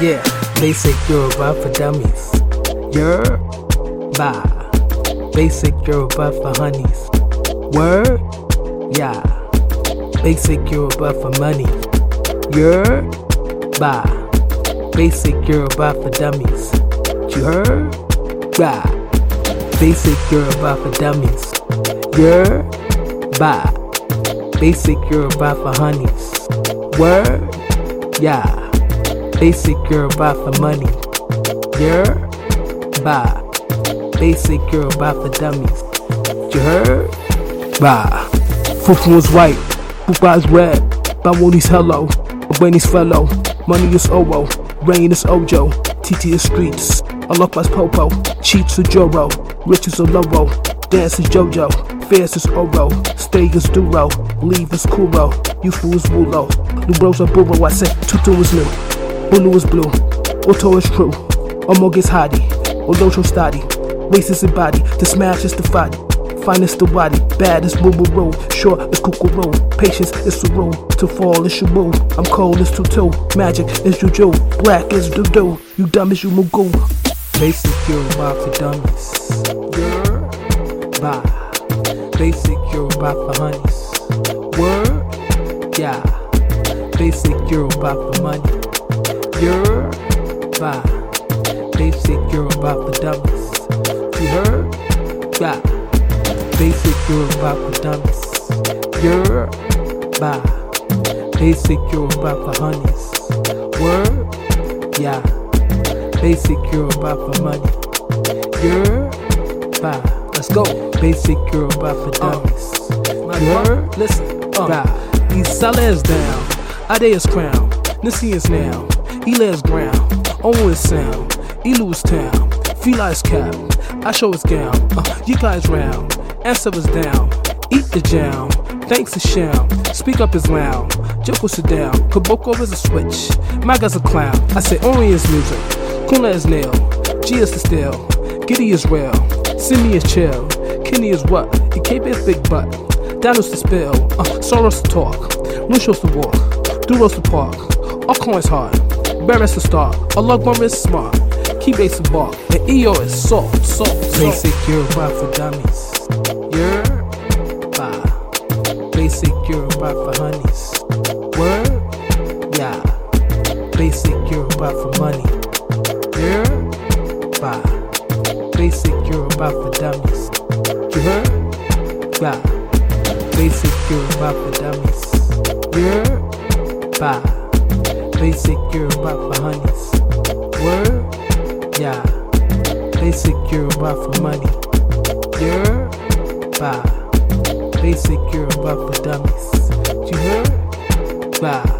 Yeah, basic Yoruba for dummies. Yoruba. Basic Yoruba for honeys. Word? Yeah. Basic Yoruba for money. Yoruba. Basic Yoruba for dummies. Yoruba. Basic Yoruba for dummies. Yoruba. Basic Yoruba for honeys. Word? Yeah. Basic girl buy for money. Girl buy. Basic girl buy for dummies. You heard? Buy. Fufu was white. Fupa is red. Bawoni's hello. Benny's fellow. Money is Owo. Rain is Ojo. TT is streets. Alopa's Popo. Cheats is Joro. Rich is Oloro. Dance is Jojo. Fierce is Oro, stay is Duro, leave is Kuro, youthful is Wulo, new bros are Burro, I said Tutu is new. Blue is blue, auto is true. Omo gets hardy, Olocho study. Waste is a body, the smash is the body. Finest the body, baddest is boo boo Short is cuckoo patience is the road To fall is your Shabu, I'm cold as is toe. Magic is Juju, black is the dough. You dumb as you Mugu. Basic Yoruba for dummies. Word. Bye. Basic Yoruba for honeys. Word. Yeah. Basic Yoruba for money your vibe. Basic, you're about the dumbest. You heard? Yeah. Basic, you're about the dumbest. Your vibe. Basic, you're about the honeys. Word? Yeah. Basic, you're about the money. Your vibe. Let's go. Basic girl, but for dummies. Uh, my word, listen. Uh, These sellers down. Ideas crown. This is now. Elias ground, Owen Sound, Elu's Town, Fila cap, I show his gown, uh, Yika round, answer was down, eat the jam, thanks to sham, speak up his loud, Joko sit down, Kaboko is a switch, Maga's a clown, I say Ori is music, Kuna is nail, G is the steel, Giddy is well, Simi is chill, Kenny is what, keep his big butt, Danos to spill, uh, Soros to talk, Mushos to walk, Duros to park, all coins hard. Barrett's to star, a bomb is smart. Keep a bar, The EO is soft, soft, soft. Basic Yoruba for dummies. Yoruba. Basic Yoruba for honeys. Word? Yeah. Basic Yoruba for money. Yoruba. Basic Yoruba for dummies. You heard? Yeah. Basic Yoruba for dummies. Yoruba. Basic girl bop for honeys. Word? Yeah. Basic girl bop for money. Girl, bye. Basic girl bop for dummies. You heard? Bye.